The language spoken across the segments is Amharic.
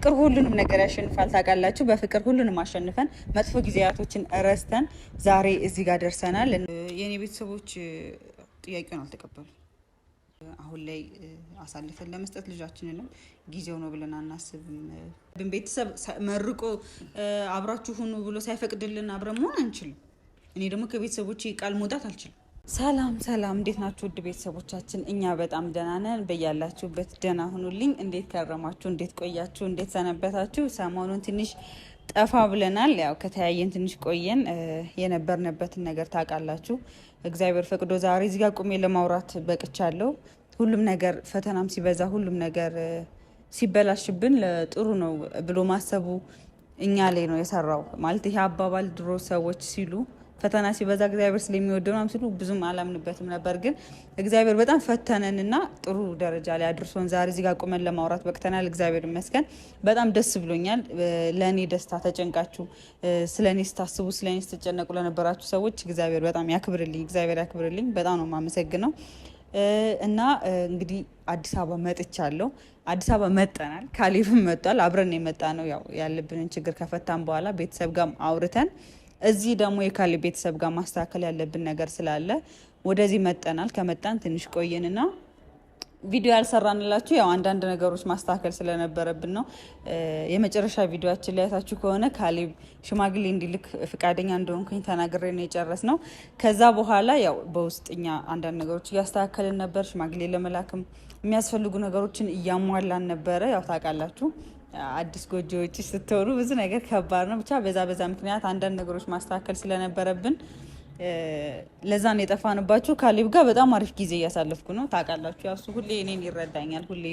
ፍቅር ሁሉንም ነገር ያሸንፋል። ታውቃላችሁ፣ በፍቅር ሁሉንም አሸንፈን መጥፎ ጊዜያቶችን ረስተን ዛሬ እዚህ ጋር ደርሰናል። የእኔ ቤተሰቦች ጥያቄውን አልተቀበሉ። አሁን ላይ አሳልፈን ለመስጠት ልጃችንንም ጊዜው ነው ብለን አናስብም። ቤተሰብ መርቆ አብራችሁ ሁኑ ብሎ ሳይፈቅድልን አብረን መሆን አንችልም። እኔ ደግሞ ከቤተሰቦች ቃል መውጣት አልችልም። ሰላም ሰላም፣ እንዴት ናችሁ ውድ ቤተሰቦቻችን? እኛ በጣም ደህና ነን። በያላችሁበት ደህና ሁኑልኝ። እንዴት ከረማችሁ? እንዴት ቆያችሁ? እንዴት ሰነበታችሁ? ሰሞኑን ትንሽ ጠፋ ብለናል። ያው ከተያየን ትንሽ ቆየን። የነበርንበትን ነገር ታውቃላችሁ። እግዚአብሔር ፈቅዶ ዛሬ እዚህ ጋር ቁሜ ለማውራት በቅቻለሁ። ሁሉም ነገር ፈተናም ሲበዛ፣ ሁሉም ነገር ሲበላሽብን ለጥሩ ነው ብሎ ማሰቡ እኛ ላይ ነው የሰራው ማለት ይሄ አባባል ድሮ ሰዎች ሲሉ ፈተና ሲበዛ እግዚአብሔር ስለሚወደው ነው ሲሉ ብዙም አላምንበትም ነበር። ግን እግዚአብሔር በጣም ፈተነንና ጥሩ ደረጃ ላይ አድርሶን ዛሬ እዚህ ጋር ቁመን ለማውራት በቅተናል። እግዚአብሔር ይመስገን። በጣም ደስ ብሎኛል። ለእኔ ደስታ ተጨንቃችሁ ስለ እኔ ስታስቡ፣ ስለ እኔ ስትጨነቁ ለነበራችሁ ሰዎች እግዚአብሔር በጣም ያክብርልኝ። እግዚአብሔር ያክብርልኝ። በጣም ነው የማመሰግነው። እና እንግዲህ አዲስ አበባ መጥቻለሁ። አዲስ አበባ መጠናል። ካሌብም መጥቷል። አብረን የመጣ ነው ያው ያለብንን ችግር ከፈታን በኋላ ቤተሰብ ጋርም አውርተን እዚህ ደግሞ የካሌ ቤተሰብ ጋር ማስተካከል ያለብን ነገር ስላለ ወደዚህ መጠናል። ከመጣን ትንሽ ቆየንና ቪዲዮ ያልሰራንላችሁ ያው አንዳንድ ነገሮች ማስተካከል ስለነበረብን ነው። የመጨረሻ ቪዲዮችን ላይ ከሆነ ካሌብ ሽማግሌ እንዲልክ ፍቃደኛ እንደሆንኩኝ ተናግሬ ነው የጨረስ ነው። ከዛ በኋላ ያው በውስጥኛ አንዳንድ ነገሮች እያስተካከልን ነበር። ሽማግሌ ለመላክም የሚያስፈልጉ ነገሮችን እያሟላን ነበረ። ያው ታውቃላችሁ አዲስ ጎጆ ውጭ ስትሆኑ ብዙ ነገር ከባድ ነው። ብቻ በዛ በዛ ምክንያት አንዳንድ ነገሮች ማስተካከል ስለነበረብን ለዛ ነው የጠፋንባችሁ። ካሌብ ጋር በጣም አሪፍ ጊዜ እያሳለፍኩ ነው። ታውቃላችሁ፣ ያሱ ሁሌ እኔን ይረዳኛል። ሁሌ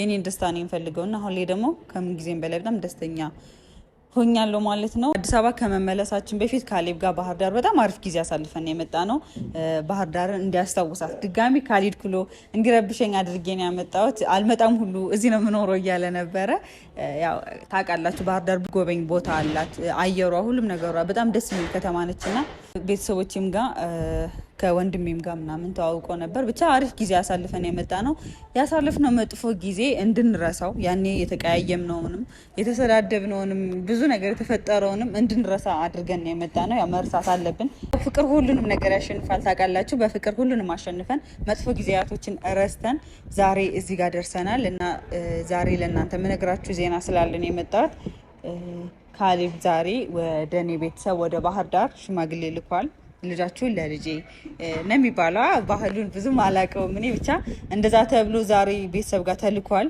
የኔን ደስታ ነው የሚፈልገው እና ሁሌ ደግሞ ከምን ጊዜም በላይ በጣም ደስተኛ ሆኛለሁ ማለት ነው። አዲስ አበባ ከመመለሳችን በፊት ካሌብ ጋር ባህር ዳር በጣም አሪፍ ጊዜ አሳልፈን የመጣ ነው። ባህር ዳርን እንዲያስታውሳት ድጋሚ ካሊድ ክሎ እንዲረብሸኝ አድርጌ ነው ያመጣሁት። አልመጣም ሁሉ እዚህ ነው የምኖረው እያለ ነበረ። ያው ታውቃላችሁ፣ ባህር ዳር ጎበኝ ቦታ አላት። አየሯ፣ ሁሉም ነገሯ በጣም ደስ የሚል ከተማ ነች እና ቤተሰቦችም ጋር ከወንድሜም ጋር ምናምን ተዋውቀው ነበር። ብቻ አሪፍ ጊዜ አሳልፈን የመጣ ነው። ያሳልፍነው መጥፎ ጊዜ እንድንረሳው ያኔ የተቀያየምነውንም የተሰዳደብነውንም ብዙ ነገር የተፈጠረውንም እንድንረሳ አድርገን የመጣ ነው። መርሳት አለብን። ፍቅር ሁሉንም ነገር ያሸንፋል ታውቃላችሁ። በፍቅር ሁሉንም አሸንፈን መጥፎ ጊዜያቶችን ረስተን ዛሬ እዚህ ጋር ደርሰናል እና ዛሬ ለእናንተ የምነግራችሁ ዜና ስላለን የመጣት ካሌብ ዛሬ ወደ እኔ ቤተሰብ ወደ ባህር ዳር ሽማግሌ ልኳል። ልጃችሁን ለልጄ ነው የሚባለው። ባህሉን ብዙም አላውቀውም እኔ ብቻ እንደዛ ተብሎ ዛሬ ቤተሰብ ጋር ተልኳል።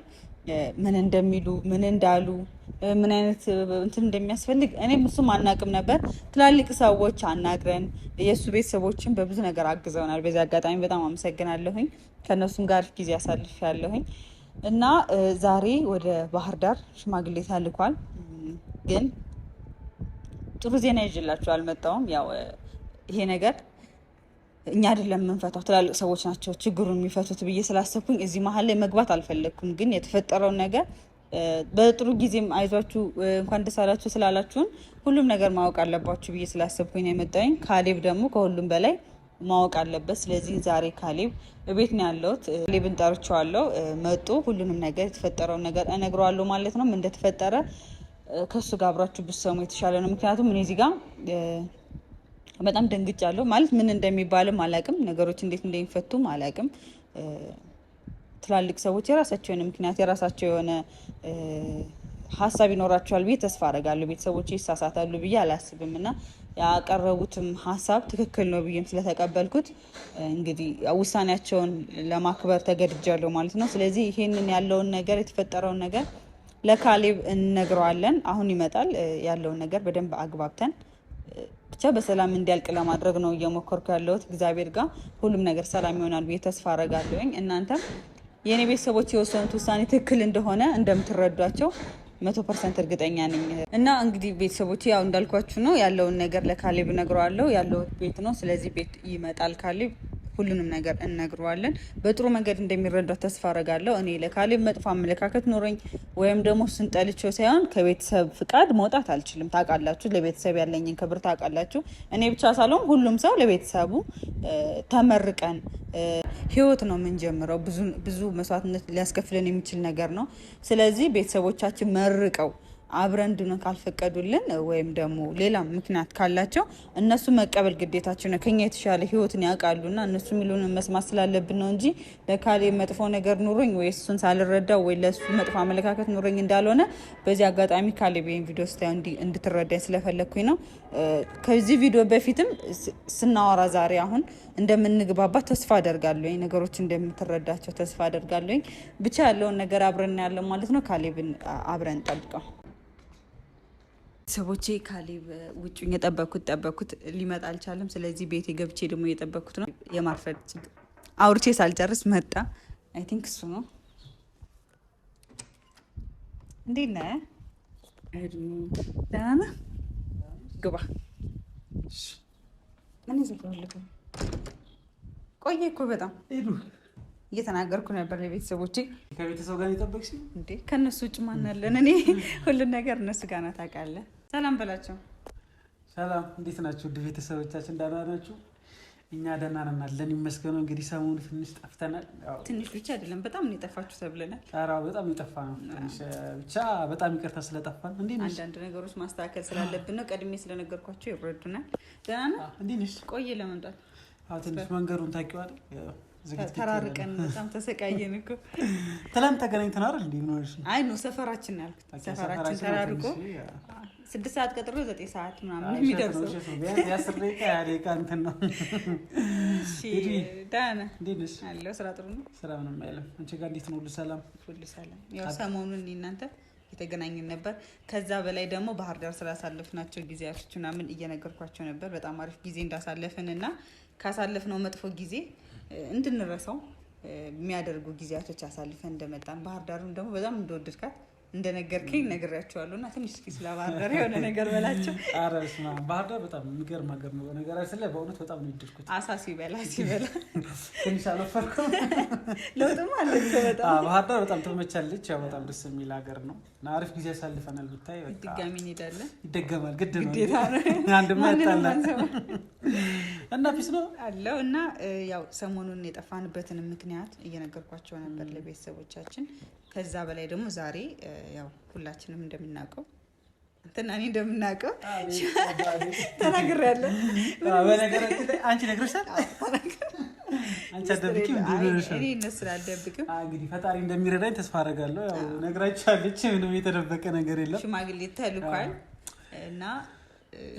ምን እንደሚሉ ምን እንዳሉ ምን አይነት እንትን እንደሚያስፈልግ እኔም እሱም አናቅም ነበር። ትላልቅ ሰዎች አናግረን የእሱ ቤተሰቦችን በብዙ ነገር አግዘውናል። በዚህ አጋጣሚ በጣም አመሰግናለሁኝ። ከእነሱም ጋር ጊዜ አሳልፍ ያለሁኝ እና ዛሬ ወደ ባህር ዳር ሽማግሌ ተልኳል። ግን ጥሩ ዜና ይዤላችሁ አልመጣሁም ያው ይሄ ነገር እኛ አይደለም የምንፈታው ትላልቅ ሰዎች ናቸው ችግሩን የሚፈቱት ብዬ ስላሰብኩኝ እዚህ መሀል ላይ መግባት አልፈለግኩም። ግን የተፈጠረውን ነገር በጥሩ ጊዜም አይዟችሁ እንኳን ደስ አላችሁ ስላላችሁን ሁሉም ነገር ማወቅ አለባችሁ ብዬ ስላሰብኩኝ ነው የመጣኝ። ካሌብ ደግሞ ከሁሉም በላይ ማወቅ አለበት። ስለዚህ ዛሬ ካሌብ እቤት ነው ያለሁት። ካሌብን ጠርቼዋለሁ። መጡ። ሁሉንም ነገር የተፈጠረውን ነገር እነግረዋለሁ ማለት ነው። ምን እንደተፈጠረ ከእሱ ጋር አብራችሁ ብትሰሙ የተሻለ ነው። ምክንያቱም እኔ እዚህ ጋር በጣም ደንግጫለሁ። ማለት ምን እንደሚባልም አላቅም፣ ነገሮች እንዴት እንደሚፈቱም አላቅም። ትላልቅ ሰዎች የራሳቸው የሆነ ምክንያት የራሳቸው የሆነ ሀሳብ ይኖራቸዋል ብዬ ተስፋ አደርጋለሁ። ቤተሰቦች ይሳሳታሉ ብዬ አላስብም እና ያቀረቡትም ሀሳብ ትክክል ነው ብዬም ስለተቀበልኩት እንግዲህ ውሳኔያቸውን ለማክበር ተገድጃለሁ ማለት ነው። ስለዚህ ይህንን ያለውን ነገር የተፈጠረውን ነገር ለካሌብ እንነግረዋለን። አሁን ይመጣል። ያለውን ነገር በደንብ አግባብተን ብቻ በሰላም እንዲያልቅ ለማድረግ ነው እየሞከርኩ ያለሁት። እግዚአብሔር ጋር ሁሉም ነገር ሰላም ይሆናል ብዬ ተስፋ አረጋለሁኝ። እናንተም የእኔ ቤተሰቦች የወሰኑት ውሳኔ ትክክል እንደሆነ እንደምትረዷቸው መቶ ፐርሰንት እርግጠኛ ነኝ። እና እንግዲህ ቤተሰቦች ያው እንዳልኳችሁ ነው ያለውን ነገር ለካሌብ ነግረዋለሁ። ያለሁት ቤት ነው። ስለዚህ ቤት ይመጣል ካሌብ ሁሉንም ነገር እነግረዋለን። በጥሩ መንገድ እንደሚረዳው ተስፋ አረጋለሁ። እኔ ለካሌብ መጥፎ አመለካከት ኖረኝ ወይም ደግሞ ስንጠልቸው ሳይሆን ከቤተሰብ ፍቃድ መውጣት አልችልም። ታውቃላችሁ፣ ለቤተሰብ ያለኝን ክብር ታውቃላችሁ። እኔ ብቻ ሳልሆን ሁሉም ሰው ለቤተሰቡ ተመርቀን ህይወት ነው የምንጀምረው። ብዙ መስዋዕትነት ሊያስከፍለን የሚችል ነገር ነው። ስለዚህ ቤተሰቦቻችን መርቀው አብረን ድነን ካልፈቀዱልን ወይም ደግሞ ሌላ ምክንያት ካላቸው እነሱ መቀበል ግዴታቸው ነው። ከኛ የተሻለ ህይወትን ያውቃሉ እና እነሱ የሚሉን መስማት ስላለብን ነው እንጂ ለካሌ መጥፎ ነገር ኑሮኝ ወይ እሱን ሳልረዳ ወይ ለእሱ መጥፎ አመለካከት ኑሮኝ እንዳልሆነ በዚህ አጋጣሚ ካሌ ይህን ቪዲዮ ስታ እንድትረዳኝ ስለፈለግኩኝ ነው። ከዚህ ቪዲዮ በፊትም ስናወራ ዛሬ አሁን እንደምንግባባት ተስፋ አደርጋለሁ። ነገሮች እንደምትረዳቸው ተስፋ አደርጋለሁ። ብቻ ያለውን ነገር አብረን ያለው ማለት ነው። ካሌብን አብረን ጠብቀው ሰዎቼ ካሌብ ውጭኝ የጠበኩት ጠበኩት ሊመጣ አልቻለም። ስለዚህ ቤቴ ገብቼ ደግሞ እየጠበኩት ነው። የማርፈድ ችግር አውርቼ ሳልጨርስ መጣ። አይ ቲንክ እሱ ነው። እንዴት ነህ? ደህና ነህ? ግባ። ቆየ እኮ በጣም እየተናገርኩ ነበር ለቤተሰቦቼ። ከቤተሰብ ጋር የጠበቅሽ እንዴ? ከእነሱ ውጭ ማናለን? እኔ ሁሉን ነገር እነሱ ጋር ናት። ታውቃለህ። ሰላም በላቸው። ሰላም፣ እንዴት ናችሁ? ውድ ቤተሰቦቻችን ደህና ናችሁ? እኛ ደህና ነን አለን ይመስገነው። እንግዲህ ሰሞኑ ትንሽ ጠፍተናል። ትንሽ ብቻ አይደለም በጣም ነው የጠፋችሁ ተብለናል። ኧረ በጣም የጠፋ ነው ትንሽ ብቻ በጣም ይቅርታ ስለጠፋን። እንዴት ነሽ? አንዳንድ ነገሮች ማስተካከል ስላለብን ነው። ቀድሜ ስለነገርኳቸው ይረዱናል። ደህና ነው። እንዴት ነሽ? ቆየ ለመምጣት ትንሽ መንገዱን ታውቂዋለሽ ተራርቀን በጣም ተሰቃየን እኮ። ትላንት ተገናኝተን አይደል? አይ ሰፈራችን ያልኩት ሰፈራችን ተራርቆ ስድስት ሰዓት ቀጥሮ ዘጠኝ ሰዓት ምናምን የሚደርሰው አለው። ስራ ጥሩ ነው። ስራ ምንም አይልም። አንቺ ጋር እንዴት ነው? ሁሉ ሰላም፣ ሁሉ ሰላም። ያው ሰሞኑን እናንተ የተገናኘን ነበር። ከዛ በላይ ደግሞ ባህር ዳር ስላሳለፍናቸው ጊዜያቶች ምናምን እየነገርኳቸው ነበር። በጣም አሪፍ ጊዜ እንዳሳለፍን እና ካሳለፍነው መጥፎ ጊዜ እንድንረሳው የሚያደርጉ ጊዜያቶች አሳልፈን እንደመጣን ባህር ዳሩን ደግሞ በጣም እንደወደድካት እንደነገርከኝ ነግሬያቸዋለሁ እና ትንሽ እስኪ ስለ ባህር ዳር የሆነ ነገር በላቸው። ኧረ በስመ አብ ባህር ዳር በጣም የሚገርም ሀገር ነው። በነገራችን ላይ በእውነት በጣም ነው የወደድኩት። አሳ ሲበላ ሲበላ ትንሽ አልወፈርኩም። ለውጥም አለ በጣም ባህር ዳር በጣም ትመቻለች። ያው በጣም ደስ የሚል ሀገር ነው እና አሪፍ ጊዜ ያሳልፈናል። ብታይ ድጋሚ እንሄዳለን። ይደገማል፣ ግድ ነው እና ፊስ ነው አለው እና ያው ሰሞኑን የጠፋንበትን ምክንያት እየነገርኳቸው ነበር ለቤተሰቦቻችን ከዛ በላይ ደግሞ ዛሬ ያው ሁላችንም እንደምናውቀው እንትና እኔ እንደምናውቀው ተናግሬያለሁ። በነገራችን አልደብቅም። እንግዲህ ፈጣሪ እንደሚረዳኝ ተስፋ አደርጋለሁ። ነግራችኋለች። ምንም የተደበቀ ነገር የለም። ሽማግሌ ተልኳል እና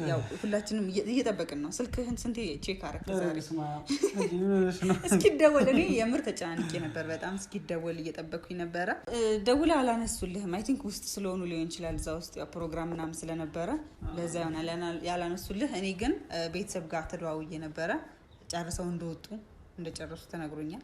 ያው ሁላችንም እየጠበቅን ነው። ስልክህን ስንቴ ቼክ አረክ እስኪደወል እኔ የምር ተጨናንቄ ነበር በጣም እስኪደወል እየጠበቅኩኝ ነበረ። ደውላ አላነሱልህም። አይ ቲንክ ውስጥ ስለሆኑ ሊሆን ይችላል እዛ ውስጥ ፕሮግራም ምናምን ስለነበረ ለዛ ይሆናል ያላነሱልህ። እኔ ግን ቤተሰብ ጋር ተደዋውዬ ነበረ። ጨርሰው እንደወጡ እንደጨረሱ ተነግሮኛል።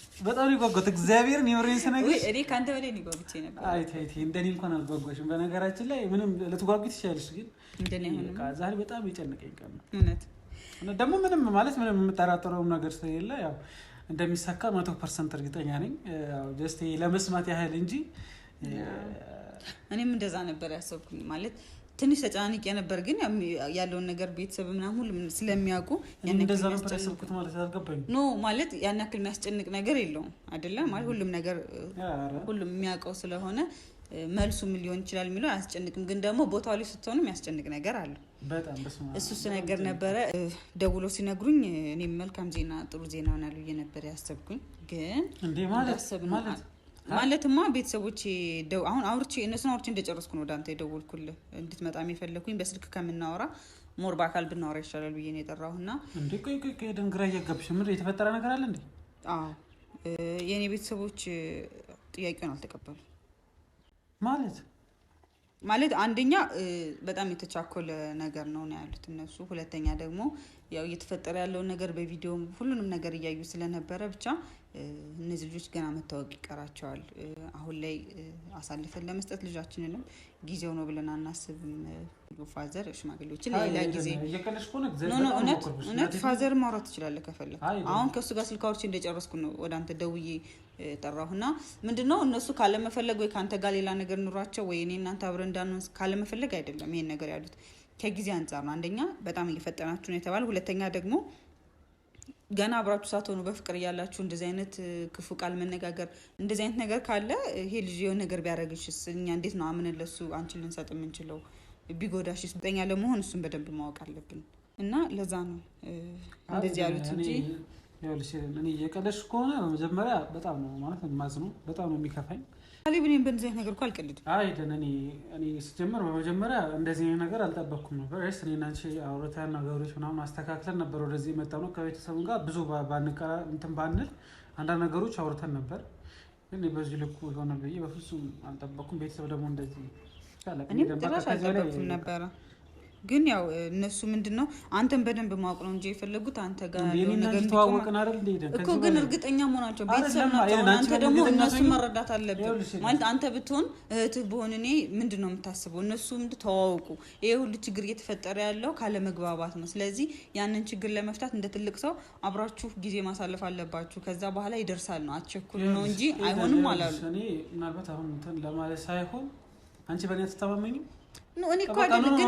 በጣም የጓጓሁት እግዚአብሔርን የወሬን ስነግርሽ እኔ ከአንተ በላይ ጓጉቼ ነበር። አይ ተይ ተይ፣ እንደኔ እንኳን አልጓጓሽም። በነገራችን ላይ ምንም ልትጓጉ ትችያለሽ፣ ግን ዛሬ በጣም የጨነቀኝ ቀን ነው እውነት። ደግሞ ምንም ማለት ምንም የምጠራጠረውም ነገር ስለሌለ ያው እንደሚሳካ መቶ ፐርሰንት እርግጠኛ ነኝ። ጀስት ለመስማት ያህል እንጂ እኔም እንደዛ ነበር ያሰብኩኝ ማለት ትንሽ ተጨናንቄ ነበር፣ ግን ያለውን ነገር ቤተሰብ ምናምን ሁሉም ስለሚያውቁ ኖ ማለት ያን ያክል የሚያስጨንቅ ነገር የለውም አይደለም ማለት ሁሉም ነገር ሁሉም የሚያውቀው ስለሆነ መልሱም ሊሆን ይችላል የሚለው አያስጨንቅም። ግን ደግሞ ቦታው ላይ ስትሆኑ የሚያስጨንቅ ነገር አለ። እሱ ነገር ነበረ። ደውሎ ሲነግሩኝ እኔም መልካም ዜና ጥሩ ዜና ሆናሉ እየነበረ ያሰብኩኝ ግን ማለትማ ቤተሰቦች ደው አሁን አውርቼ እነሱን አውርቼ እንደጨረስኩ ነው ወደ አንተ የደወልኩልህ እንድትመጣ የፈለኩኝ በስልክ ከምናወራ ሞር በአካል ብናወራ ይሻላል ብዬ ነው የጠራሁ። እና እንዴ ቆይ ቆይ ቆይ፣ ድንግራ እያገብሽ ምን የተፈጠረ ነገር አለ እንዴ? አዎ የእኔ ቤተሰቦች ጥያቄውን አልተቀበሉ ማለት ማለት አንደኛ በጣም የተቻኮለ ነገር ነው ነው ያሉት እነሱ። ሁለተኛ ደግሞ ያው እየተፈጠረ ያለውን ነገር በቪዲዮ ሁሉንም ነገር እያዩ ስለነበረ ብቻ እነዚህ ልጆች ገና መታወቅ ይቀራቸዋል። አሁን ላይ አሳልፈን ለመስጠት ልጃችንንም ጊዜው ነው ብለን አናስብም። ፋዘር ሽማግሌዎችን ሌላ ጊዜ እውነት ፋዘር ማውራት ትችላለህ ከፈለግ። አሁን ከእሱ ጋር ስልካዎች እንደጨረስኩ ነው ወደ አንተ ደውዬ ጠራሁና ምንድን ነው እነሱ ካለመፈለግ ወይ ከአንተ ጋር ሌላ ነገር ኑሯቸው ወይ እኔ እናንተ አብረን እንዳንሆን ካለመፈለግ አይደለም ይሄን ነገር ያሉት ከጊዜ አንጻር ነው። አንደኛ በጣም እየፈጠናችሁ ነው የተባለ፣ ሁለተኛ ደግሞ ገና አብራችሁ ሳትሆኑ በፍቅር እያላችሁ እንደዚህ አይነት ክፉ ቃል መነጋገር እንደዚህ አይነት ነገር ካለ ይሄ ልጅ የሆነ ነገር ቢያደርግሽስ እኛ እንዴት ነው አምነን ለሱ አንቺን ልንሰጥ የምንችለው? ቢጎዳሽ ስጠኛ ለመሆን እሱን በደንብ ማወቅ አለብን። እና ለዛ ነው እንደዚህ ያሉት እንጂ እኔ እየቀለድሽ ከሆነ በመጀመሪያ በጣም ነው ማለት ነው በጣም ነው የሚከፋኝ አሊብ እኔም በእንደዚህ አይነት ነገር እኮ አልቀልድም። አይደን እኔ እኔ ስጀምር በመጀመሪያ እንደዚህ አይነት ነገር አልጠበኩም ነበር። ስ እኔና አንቺ አውርተን ነገሮች ምናምን አስተካክለን ነበር ወደዚህ የመጣ ነው። ከቤተሰቡ ጋር ብዙ ባንቀራ እንትን ባንል አንዳንድ ነገሮች አውርተን ነበር፣ ግን በዚህ ልኩ የሆነ ብዬ በፍጹም አልጠበኩም። ቤተሰብ ደግሞ እንደዚህ እኔም ጭራሽ አልጠበኩም ነበረ ግን ያው እነሱ ምንድን ነው አንተን በደንብ ማወቅ ነው እንጂ የፈለጉት አንተ ጋር ያለው ነገር እኮ ግን እርግጠኛ መሆናቸው ቤተሰብ ናቸው። አንተ ደግሞ እነሱ መረዳት አለብን ማለት አንተ ብትሆን እህትህ በሆን እኔ ምንድን ነው የምታስበው? እነሱ ምንድን ተዋወቁ። ይህ ሁሉ ችግር እየተፈጠረ ያለው ካለመግባባት ነው። ስለዚህ ያንን ችግር ለመፍታት እንደ ትልቅ ሰው አብራችሁ ጊዜ ማሳለፍ አለባችሁ። ከዛ በኋላ ይደርሳል ነው አቸኩል ነው እንጂ አይሆንም አላሉ። ምናልባት አሁን ለማለት ሳይሆን አንቺ በእኔ አትተማመኝም እኔ እኮ አይደለም ግን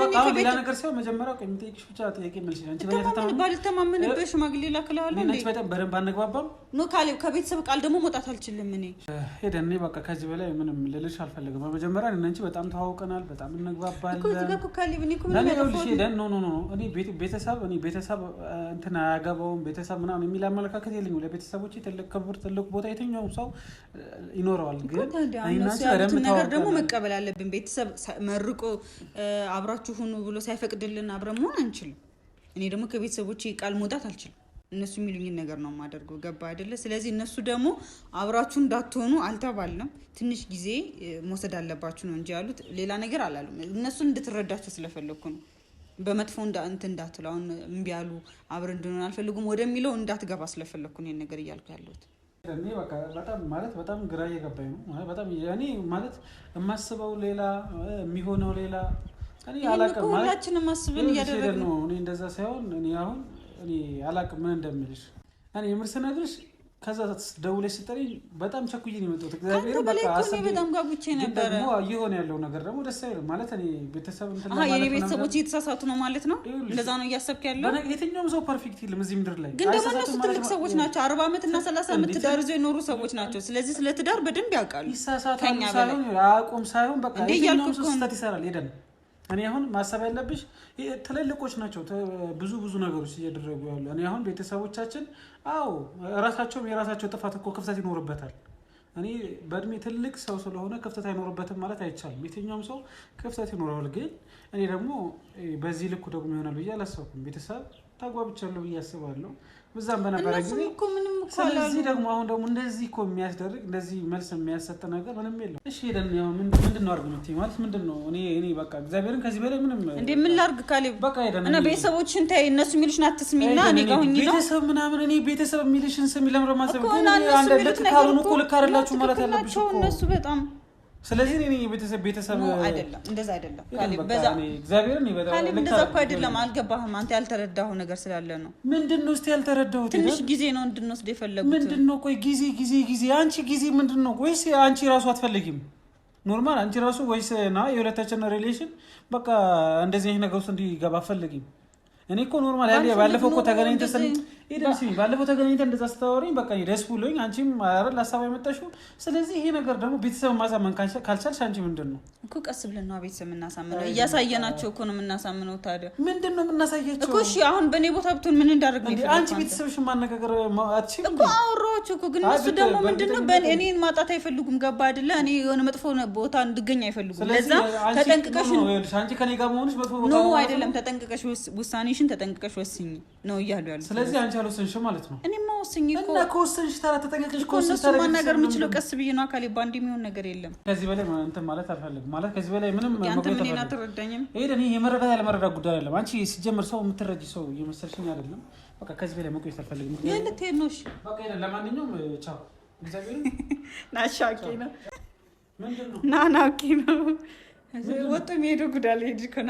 እኔ ከቤት ከቤተሰብ ቃል ደግሞ መውጣት አልችልም እኔ ሄደን እኔ በቃ ከዚህ በላይ ምንም ልልሽ አልፈለግም በመጀመሪያ እኔ አንቺ በጣም ተዋውቀናል በጣም እንግባባለን ቤተሰብ ቤተሰብ እንትን አያገባውም ቤተሰብ ምናምን የሚል አመለካከት የለኝም ለቤተሰቦቼ ትልቅ ክብር ትልቅ ቦታ የትኛውም ሰው ይኖረዋል ግን ነገር ደግሞ መቀበል አለብን ቤተሰብ መርቆ አብራችሁ ሁኑ ብሎ ሳይፈቅድልን አብረን መሆን አንችልም። እኔ ደግሞ ከቤተሰቦች ቃል መውጣት አልችልም። እነሱ የሚሉኝን ነገር ነው የማደርገው። ገባ አይደለ? ስለዚህ እነሱ ደግሞ አብራችሁ እንዳትሆኑ አልተባልንም። ትንሽ ጊዜ መውሰድ አለባችሁ ነው እንጂ ያሉት፣ ሌላ ነገር አላሉም። እነሱን እንድትረዳቸው ስለፈለግኩ ነው። በመጥፎ እንትን እንዳትሉ አሁን እምቢ አሉ አብረን እንድንሆን አልፈልጉም ወደሚለው እንዳትገባ ስለፈለግኩ ነው ነገር እያልኩ ያለሁት። እኔ በቃ በጣም ማለት በጣም ግራ እየገባኝ ነው። በጣም እኔ ማለት የማስበው ሌላ የሚሆነው ሌላ እኔ አላቅም። ሁላችንም ነው። እኔ እንደዛ ሳይሆን እኔ አሁን እኔ አላቅም ምን እንደምልሽ እኔ የምር ስነግርሽ ከዛ ደውለሽ ስጠሪኝ በጣም ቸኩዬ ነው የመጣሁት። እግዚአብሔር በቃ አሰብ በጣም ጋጉቼ እየሆነ ያለው ነገር ደግሞ ደስ አይልም ማለት እኔ ቤተሰብ የኔ ቤተሰቦች እየተሳሳቱ ነው ማለት ነው። እንደዛ ነው እያሰብክ ያለው። የትኛውም ሰው ፐርፌክት የለም እዚህ ምድር ላይ ግን ደግሞ እነሱ ትልቅ ሰዎች ናቸው። አርባ ዓመት እና ሰላሳ ዓመት ትዳር ይዘው የኖሩ ሰዎች ናቸው። ስለዚህ ስለ ትዳር በደንብ ያውቃሉ። ይሳሳቱ ሳይሆን አያውቁም ሳይሆን በቃ የትኛውም ሰው ስህተት ይሰራል ሄደን እኔ አሁን ማሰብ ያለብሽ ትልልቆች ናቸው ብዙ ብዙ ነገሮች እያደረጉ ያሉ። እኔ አሁን ቤተሰቦቻችን አዎ ራሳቸውም የራሳቸው ጥፋት እኮ ክፍተት ይኖርበታል። እኔ በእድሜ ትልቅ ሰው ስለሆነ ክፍተት አይኖርበትም ማለት አይቻልም። የትኛውም ሰው ክፍተት ይኖረዋል። ግን እኔ ደግሞ በዚህ ልኩ ደግሞ ይሆናል ብዬ አላሰብኩም ቤተሰብ ተጓብቻለሁ ብዬ አስባለሁ። በዛም በነበረ ጊዜ ስለዚህ ደግሞ አሁን ደግሞ እንደዚህ እኮ የሚያስደርግ እንደዚህ መልስ የሚያሰጥ ነገር ምንም የለም። እሺ ሄደን ምንድን ነው አድርግ ማለት ምንድን ነው? እኔ እኔ በቃ እግዚአብሔርን ከዚህ በላይ ምንም እንዴ ምን ላርግ ካሌብ በቃ ሄደን እና ቤተሰቦችን ተይ፣ እነሱ የሚሉሽን አትስሚ እና እኔ ጋር ሁኚ ነው ቤተሰብ ምናምን እኔ ቤተሰብ የሚልሽን ስሚ ለምረ ማሰብ ልክ ካልሆኑ እኮ ልክ አይደላችሁ ማለት ያለብሽ እኮ እነሱ በጣም ስለዚህ እኔ ቤተሰብ ቤተሰብ አይደለም፣ እንደዛ አይደለም። እግዚአብሔርን በጣም እንደዛ እኮ አይደለም። አልገባህም? አንተ ያልተረዳኸው ነገር ስላለ ነው። ምንድን ነው እስኪ ያልተረዳሁት? ትንሽ ጊዜ ነው እንድንወስድ የፈለጉት። ምንድን ነው? ቆይ ጊዜ ጊዜ ጊዜ አንቺ ጊዜ ምንድን ነው? ወይስ አንቺ ራሱ አትፈልጊም? ኖርማል አንቺ ራሱ ወይስ ና የሁለታችን ሪሌሽን በቃ እንደዚህ ነገር ውስጥ እንዲገባ አትፈልጊም? እኔ እኮ ኖርማል ያለ ባለፈው እኮ ተገናኝተን ደስ ይለኝ። ባለፈው ተገናኝተን እንደዛ ስታወሪኝ በቃ ደስ ብሎኝ አንቺም አረል ሀሳብ አይመጣሽም። ስለዚህ ይሄ ነገር ደግሞ ቤተሰብ ማሳመን ካልቻልሽ አንቺ ምንድን ነው እኮ ቀስ ብለን ነዋ ቤተሰብ የምናሳምነው። እያሳየናቸው እኮ ነው የምናሳምነው። ታዲያ ምንድን ነው የምናሳያቸው እኮ? እሺ አሁን በእኔ ቦታ ብትሆን ምን እንዳደርግ ነው? አንቺ ቤተሰብሽን ማነጋገር አትችይም እኮ አወራዎች እኮ። ግን እሱ ደግሞ ምንድን ነው እኔን ማጣት አይፈልጉም። ገባ አይደለ? እኔ የሆነ መጥፎ ቦታ እንድገኝ አይፈልጉም። ለዛ ተጠንቅቀሽ አንቺ ከኔ ጋር መሆንሽ መጥፎ ቦታ ነው አይደለም። ተጠንቅቀሽ ውሳኔሽን ተጠንቅቀሽ ወስኝ ነው እያሉ ያሉ። ስለዚህ አንቺ ያልወሰንሽ ማለት ነው። እኔማ ወሰኝ እኮ እና ከወሰንሽ ታዲያ ተጠንቀቅሽ። እነሱ ማናገር የምችለው ቀስ ብዬ ነው። አካሌ በአንድ የሚሆን ነገር የለም። ከዚህ በላይ እንትን ማለት አልፈልግም። ማለት ከዚህ በላይ ምንም ምን አትረዳኝም። ይሄ የመረዳት ያለመረዳት ጉዳይ አይደለም። አንቺ ሲጀምር ሰው የምትረጂ ሰው እየመሰልሽኝ አይደለም። በቃ ከዚህ በላይ መቆየት አልፈልግም። ይሄን ልትሄድ ነው? እሺ በቃ ለማንኛውም ቻው። እግዚአብሔር ናሻቂ ነው ናናቂ ነው ወጡ የሚሄደው ጉዳይ ልሄድ ከና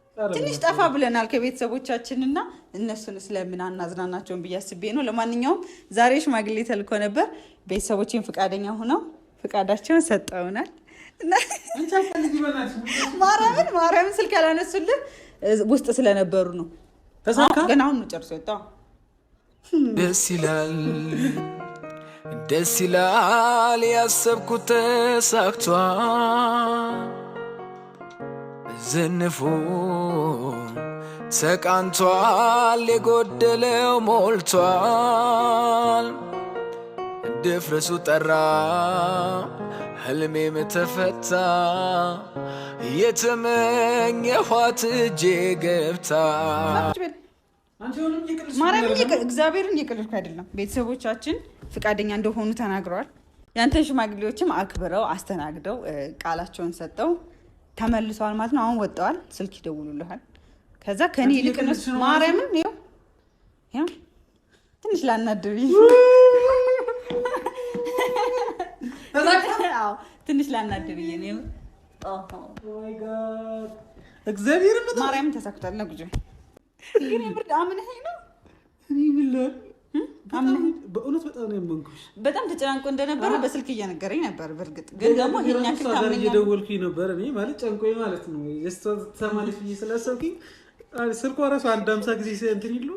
ትንሽ ጠፋ ብለናል ከቤተሰቦቻችን እና እነሱን ስለምን አናዝናናቸውን ብዬ አስቤ ነው። ለማንኛውም ዛሬ ሽማግሌ ተልኮ ነበር። ቤተሰቦችን ፈቃደኛ ሆነው ፈቃዳቸውን ሰጠውናል። ማርያምን ማርያምን ስልክ ያላነሱልን ውስጥ ስለነበሩ ነው። ገና አሁን ጨርሶ ወጣ። ደስ ይላል ደስ ይላል፣ ያሰብኩት ተሳክቷል። ዝንፉ ተቃንቷል፣ የጎደለው ሞልቷል። ድፍረሱ ጠራ፣ ህልሜም ተፈታ፣ የተመኘኋት እጄ ገብታ ማርያምን እግዚአብሔርን እየቀለድኩ አይደለም። ቤተሰቦቻችን ፍቃደኛ እንደሆኑ ተናግረዋል። ያንተን ሽማግሌዎችም አክብረው አስተናግደው ቃላቸውን ሰጠው። ተመልሰዋል ማለት ነው። አሁን ወጠዋል። ስልክ ይደውሉልሃል። ከዛ ከኔ ይልቅ ማርያምን ይኸው ትንሽ ላናድብ ትንሽ ላናድብ እግዚአብሔር ማርያምን ተሳክቷል ነው ግን የምር አምነኸኝ ነው በእውነት በጣም ነው ያመንኩሽ። በጣም ተጨናንቆ እንደነበረ በስልክ እየነገረኝ ነበር። በእርግጥ ግን ደግሞ ይሄን ያክል ታምኛ እየደወልኩኝ ነበር እኔ ማለት ጨንቆኝ ማለት ነው ተሰማለች ብዬ ስላሰብኩኝ ስልኳ ራሱ አንድ አምሳ ጊዜ እንትን ይሉ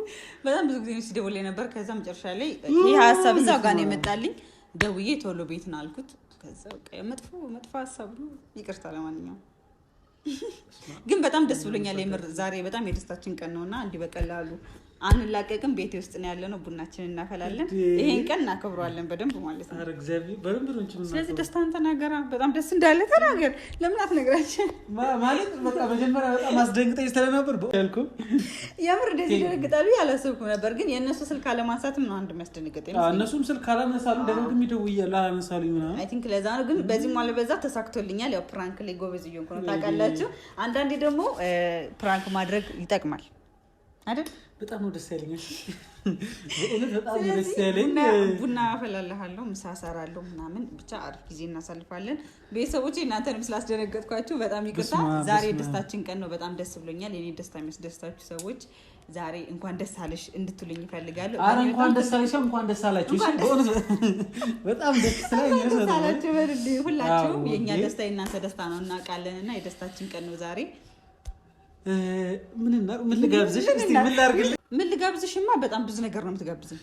በጣም ብዙ ጊዜ ሲደውል ነበር። ከዛ መጨረሻ ላይ ይህ ሀሳብ እዛው ጋር ነው የመጣልኝ። ደውዬ ቶሎ ቤት ነው አልኩት። ከዛ መጥፎ መጥፎ ሀሳብ ነው፣ ይቅርታ። ለማንኛውም ግን በጣም ደስ ብሎኛል የምር ዛሬ በጣም የደስታችን ቀን ነውና እንዲህ በቀላሉ አንላቀቅም። ቤቴ ውስጥ ነው ያለ ነው። ቡናችን እናፈላለን። ይሄን ቀን እናከብረዋለን በደንብ ማለት ነው። ስለዚህ ደስታን ተናገራ። በጣም ደስ እንዳለ ተናገር። ለምን አትነግራችን? ማለት በቃ መጀመሪያ በጣም አስደንግጠኝ ስለነበር ያልኩም የምር እንደዚህ ይደነግጣሉ ያላሰብኩም ነበር። ግን የእነሱ ስልክ አለማንሳትም ነው አንድ የሚያስደነግጠኝ። እነሱም ስልክ አላነሳሉ። ደግሞም ይደውያሉ አላነሳሉኝ ምናምን። ለዛ ነው። ግን በዚህ ማለ በዛ ተሳክቶልኛል። ያው ፕራንክ ላይ ጎበዝ እየሆንኩ ነው ታውቃላችሁ። አንዳንዴ ደግሞ ፕራንክ ማድረግ ይጠቅማል አይደል? በጣም ነው ደስ ያለኝ። በእውነት በጣም ደስ ያለኝ። ቡና አፈላለሃለሁ፣ ምሳ እሰራለሁ ምናምን ብቻ አሪፍ ጊዜ እናሳልፋለን። ቤተሰቦች እናንተንም ስላስደነገጥኳችሁ በጣም ይቅርታ። ዛሬ ደስታችን ቀን ነው። በጣም ደስ ብሎኛል። የኔ ደስታ የሚያስደስታችሁ ሰዎች ዛሬ እንኳን ደስ አለሽ እንድትሉኝ ይፈልጋሉ። ኧረ እንኳን ደስ አለሽ፣ እንኳን ደስ አላችሁ። በጣም ደስ ላይ ሁላችሁም የእኛ ደስታ የእናንተ ደስታ ነው እናውቃለን እና የደስታችን ቀን ነው ዛሬ ምን ልጋብዝሽማ በጣም ብዙ ነገር ነው የምትጋብዝኝ።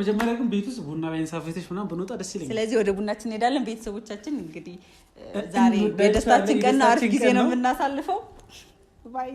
መጀመሪያ ግን ቤት ውስጥ ቡና ላይ እንሳፈተሽ ምናምን ብንወጣ ደስ ይለኛል። ስለዚህ ወደ ቡናችን እንሄዳለን። ቤተሰቦቻችን እንግዲህ ዛሬ በደስታችን ቀን አሪፍ ጊዜ ነው የምናሳልፈው። ባይ